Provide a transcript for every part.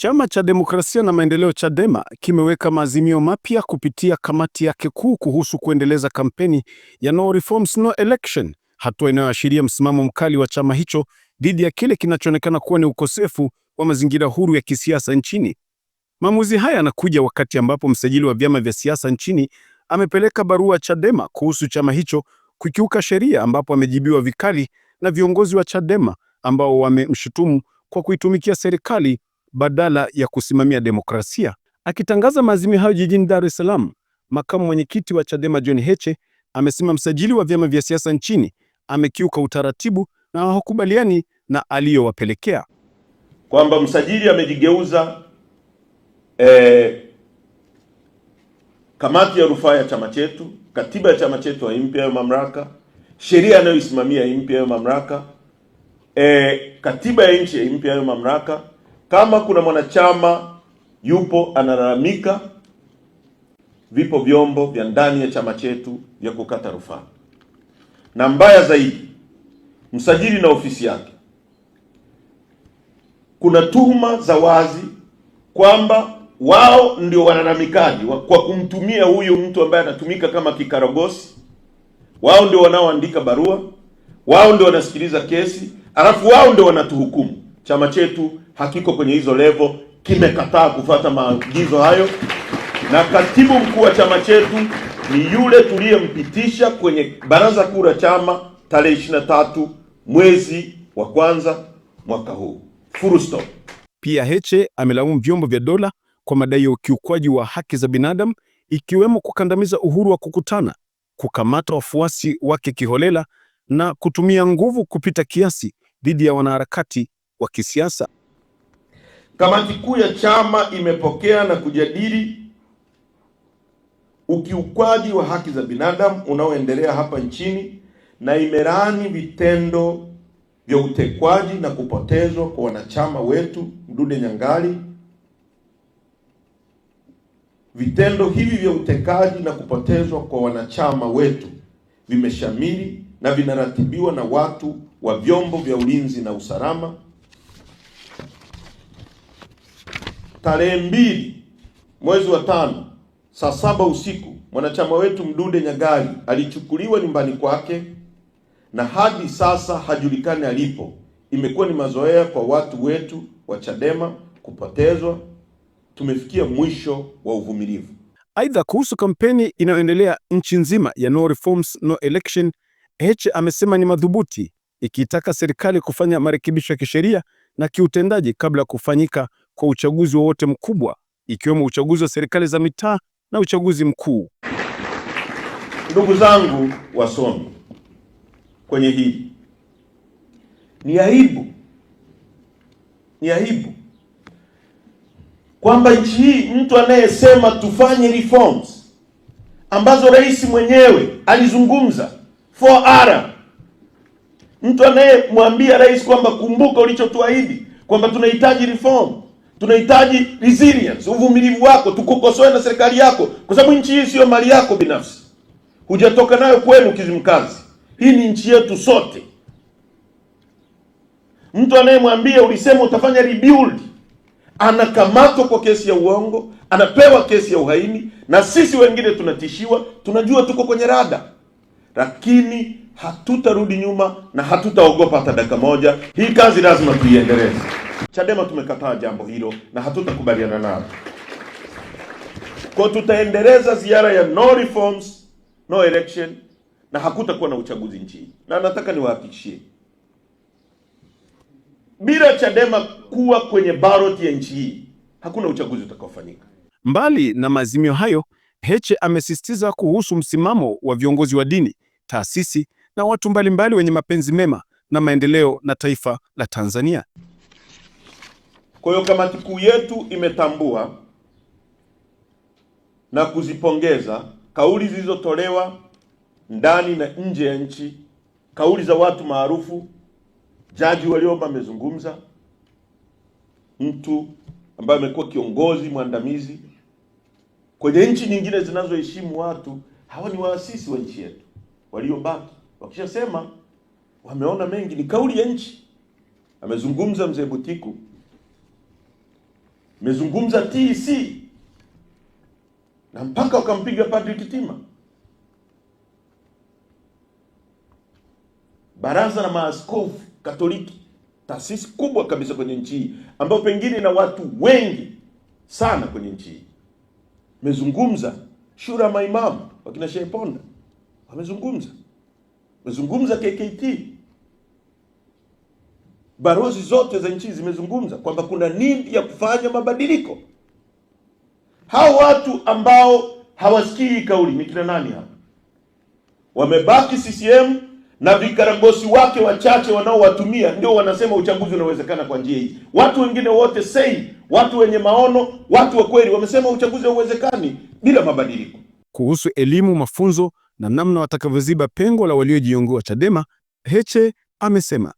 Chama cha Demokrasia na Maendeleo Chadema kimeweka maazimio mapya kupitia kamati yake kuu kuhusu kuendeleza kampeni ya No Reforms No Election, hatua inayoashiria msimamo mkali wa chama hicho dhidi ya kile kinachoonekana kuwa ni ukosefu wa mazingira huru ya kisiasa nchini. Maamuzi haya yanakuja wakati ambapo msajili wa vyama vya siasa nchini amepeleka barua Chadema kuhusu chama hicho kukiuka sheria, ambapo amejibiwa vikali na viongozi wa Chadema ambao wamemshutumu kwa kuitumikia serikali badala ya kusimamia demokrasia. Akitangaza maazimio hayo jijini Dar es Salaam, makamu mwenyekiti wa Chadema John Heche amesema msajili wa vyama vya siasa nchini amekiuka utaratibu na hawakubaliani na aliyowapelekea, kwamba msajili amejigeuza eh, kamati ya rufaa ya chama chetu, katiba ya chama chetu haimpi hayo mamlaka, sheria anayoisimamia haimpi hayo mamlaka, eh, katiba ya nchi haimpi hayo mamlaka kama kuna mwanachama yupo analalamika, vipo vyombo vya ndani ya chama chetu vya kukata rufaa, na mbaya zaidi, msajili na ofisi yake, kuna tuhuma za wazi kwamba wao ndio walalamikaji kwa kumtumia huyu mtu ambaye anatumika kama kikaragosi. Wao ndio wanaoandika barua, wao ndio wanasikiliza kesi, alafu wao ndio wanatuhukumu. Chama chetu hakiko kwenye hizo levo, kimekataa kufuata maagizo hayo, na katibu mkuu wa chama chetu ni yule tuliyempitisha kwenye baraza kuu la chama tarehe 23 mwezi wa kwanza mwaka huu. Full stop. Pia Heche amelaumu vyombo vya dola kwa madai ya ukiukwaji wa haki za binadamu ikiwemo kukandamiza uhuru wa kukutana, kukamata wafuasi wake kiholela na kutumia nguvu kupita kiasi dhidi ya wanaharakati wa kisiasa. Kamati kuu ya chama imepokea na kujadili ukiukwaji wa haki za binadamu unaoendelea hapa nchini na imelaani vitendo vya utekwaji na kupotezwa kwa wanachama wetu Mdude Nyangali. Vitendo hivi vya utekaji na kupotezwa kwa wanachama wetu vimeshamiri na vinaratibiwa na watu wa vyombo vya ulinzi na usalama. tarehe mbili mwezi wa tano saa saba usiku mwanachama wetu Mdude Nyagali alichukuliwa nyumbani kwake na hadi sasa hajulikani alipo. Imekuwa ni mazoea kwa watu wetu wa Chadema kupotezwa. Tumefikia mwisho wa uvumilivu. Aidha, kuhusu kampeni inayoendelea nchi nzima ya no reforms, no election, Heche amesema ni madhubuti, ikiitaka serikali kufanya marekebisho ya kisheria na kiutendaji kabla ya kufanyika kwa uchaguzi wowote mkubwa ikiwemo uchaguzi wa serikali za mitaa na uchaguzi mkuu. Ndugu zangu wasomi, kwenye hili ni aibu, ni aibu kwamba nchi hii mtu anayesema tufanye reforms ambazo rais mwenyewe alizungumza 4R, mtu anayemwambia rais kwamba kumbuka ulichotuahidi kwamba tunahitaji reforms tunahitaji resilience, uvumilivu wako, tukukosoe na serikali yako, kwa sababu nchi hii siyo mali yako binafsi, hujatoka nayo kwenu Kizimkazi. Hii ni nchi yetu sote. Mtu anayemwambia ulisema utafanya rebuild anakamatwa kwa kesi ya uongo, anapewa kesi ya uhaini, na sisi wengine tunatishiwa. Tunajua tuko kwenye rada, lakini hatutarudi nyuma na hatutaogopa hata dakika moja. Hii kazi lazima tuiendeleze. Chadema tumekataa jambo hilo na hatutakubaliana nalo. Kwa tutaendeleza ziara ya no reforms, no election na hakutakuwa na uchaguzi nchini, na nataka niwahakikishie bila Chadema kuwa kwenye ballot ya nchi hii hakuna uchaguzi utakaofanyika. Mbali na maazimio hayo, Heche amesisitiza kuhusu msimamo wa viongozi wa dini, taasisi na watu mbalimbali mbali wenye mapenzi mema na maendeleo na taifa la Tanzania. Kwa hiyo kamati kuu yetu imetambua na kuzipongeza kauli zilizotolewa ndani na nje ya nchi, kauli za watu maarufu. Jaji Warioba amezungumza, mtu ambaye amekuwa kiongozi mwandamizi kwenye nchi nyingine zinazoheshimu watu. Hawa ni waasisi wa nchi yetu waliobaki, wakishasema wameona mengi, ni kauli ya nchi. Amezungumza mzee Butiku mezungumza TEC na mpaka wakampiga Padri Kitima. Baraza la Maaskofu Katoliki, taasisi kubwa kabisa kwenye nchi hii, ambayo pengine na watu wengi sana kwenye nchi hii. mezungumza shura ya maimamu, wakina Shehe wamezungumza, mezungumza KKT Balozi zote za nchi zimezungumza kwamba kuna need ya kufanya mabadiliko. Hao watu ambao hawasikii kauli ni kina nani hapa? Wamebaki CCM na vikaragosi wake wachache wanaowatumia ndio wanasema uchaguzi unawezekana kwa njia hii. Watu wengine wote sei, watu wenye maono, watu wa kweli wamesema uchaguzi hauwezekani bila mabadiliko. Kuhusu elimu, mafunzo na namna watakavyoziba pengo la waliojiongoa Chadema, Heche amesema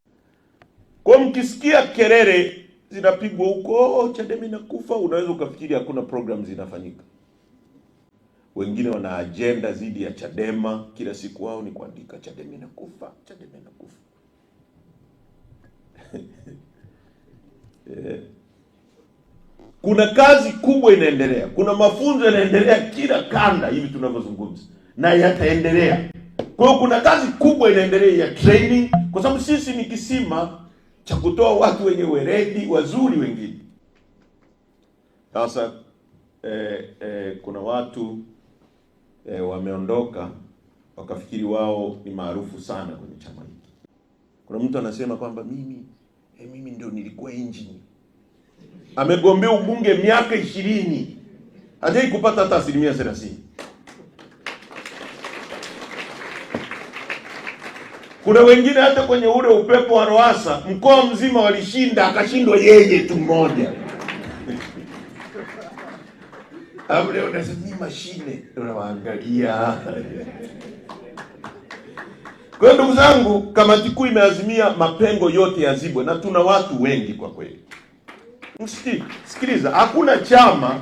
kwa mkisikia kelele zinapigwa huko oh, Chadema inakufa, unaweza ukafikiri hakuna program zinafanyika. Wengine wana ajenda dhidi ya Chadema, kila siku wao ni kuandika Chadema inakufa, Chadema inakufa. Eh. Kuna kazi kubwa inaendelea, kuna mafunzo yanaendelea kila kanda hivi tunavyozungumza, na yataendelea. Kwa hiyo kuna kazi kubwa inaendelea ya training, kwa sababu sisi ni kisima cha kutoa watu wenye weredi wazuri wengine. Sasa eh, eh, kuna watu eh, wameondoka wakafikiri wao ni maarufu sana kwenye chama hiki. Kuna mtu anasema kwamba mimi eh, mimi ndio nilikuwa injini, amegombea ubunge miaka ishirini hajai kupata hata asilimia thelathini. Kuna wengine hata kwenye ule upepo wa Roasa mkoa mzima walishinda, akashindwa yeye tu mmoja. Leo nasema mashine, unawaangalia Kwa hiyo ndugu zangu, kamati kuu imeazimia mapengo yote yazibwe, na tuna watu wengi kwa kweli. sikiliza hakuna chama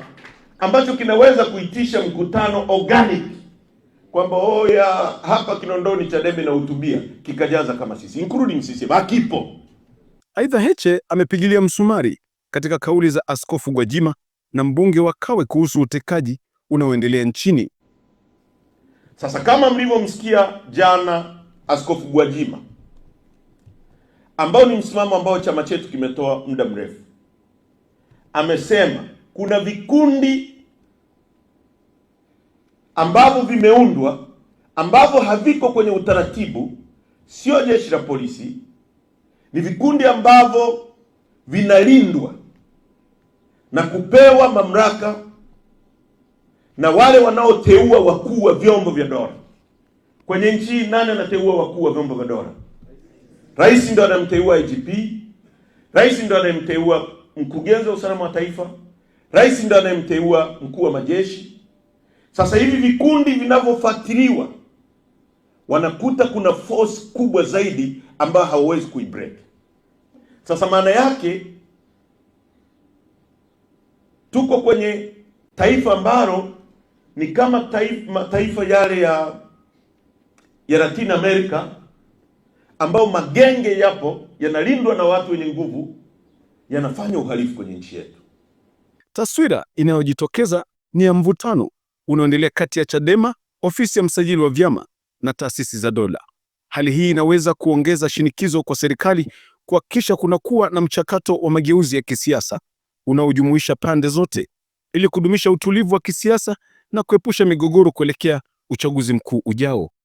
ambacho kinaweza kuitisha mkutano organic kwamba oya oh, hapa Kinondoni Chadema inahutubia kikajaza kama sisi including sisi hakipo. Aidha, Heche amepigilia msumari katika kauli za Askofu Gwajima na mbunge wa Kawe kuhusu utekaji unaoendelea nchini. Sasa kama mlivyomsikia jana Askofu Gwajima, ambao ni msimamo ambao chama chetu kimetoa muda mrefu, amesema kuna vikundi ambavyo vimeundwa ambavyo haviko kwenye utaratibu, sio jeshi la polisi, ni vikundi ambavyo vinalindwa na kupewa mamlaka na wale wanaoteua wakuu wa vyombo vya dola kwenye nchi. Nani anateua wakuu wa vyombo vya dola? Rais ndo anamteua IGP, rais ndo anayemteua mkurugenzi wa usalama wa taifa, rais ndo anayemteua mkuu wa majeshi sasa hivi vikundi vinavyofuatiliwa wanakuta kuna force kubwa zaidi ambayo hawawezi kuibreak. Sasa maana yake tuko kwenye taifa ambalo ni kama taifa, mataifa yale ya ya Latin America ambao magenge yapo yanalindwa na watu wenye nguvu yanafanya uhalifu kwenye nchi yetu. Taswira inayojitokeza ni ya mvutano unaoendelea kati ya Chadema, ofisi ya msajili wa vyama na taasisi za dola. Hali hii inaweza kuongeza shinikizo kwa serikali kuhakikisha kunakuwa na mchakato wa mageuzi ya kisiasa unaojumuisha pande zote ili kudumisha utulivu wa kisiasa na kuepusha migogoro kuelekea uchaguzi mkuu ujao.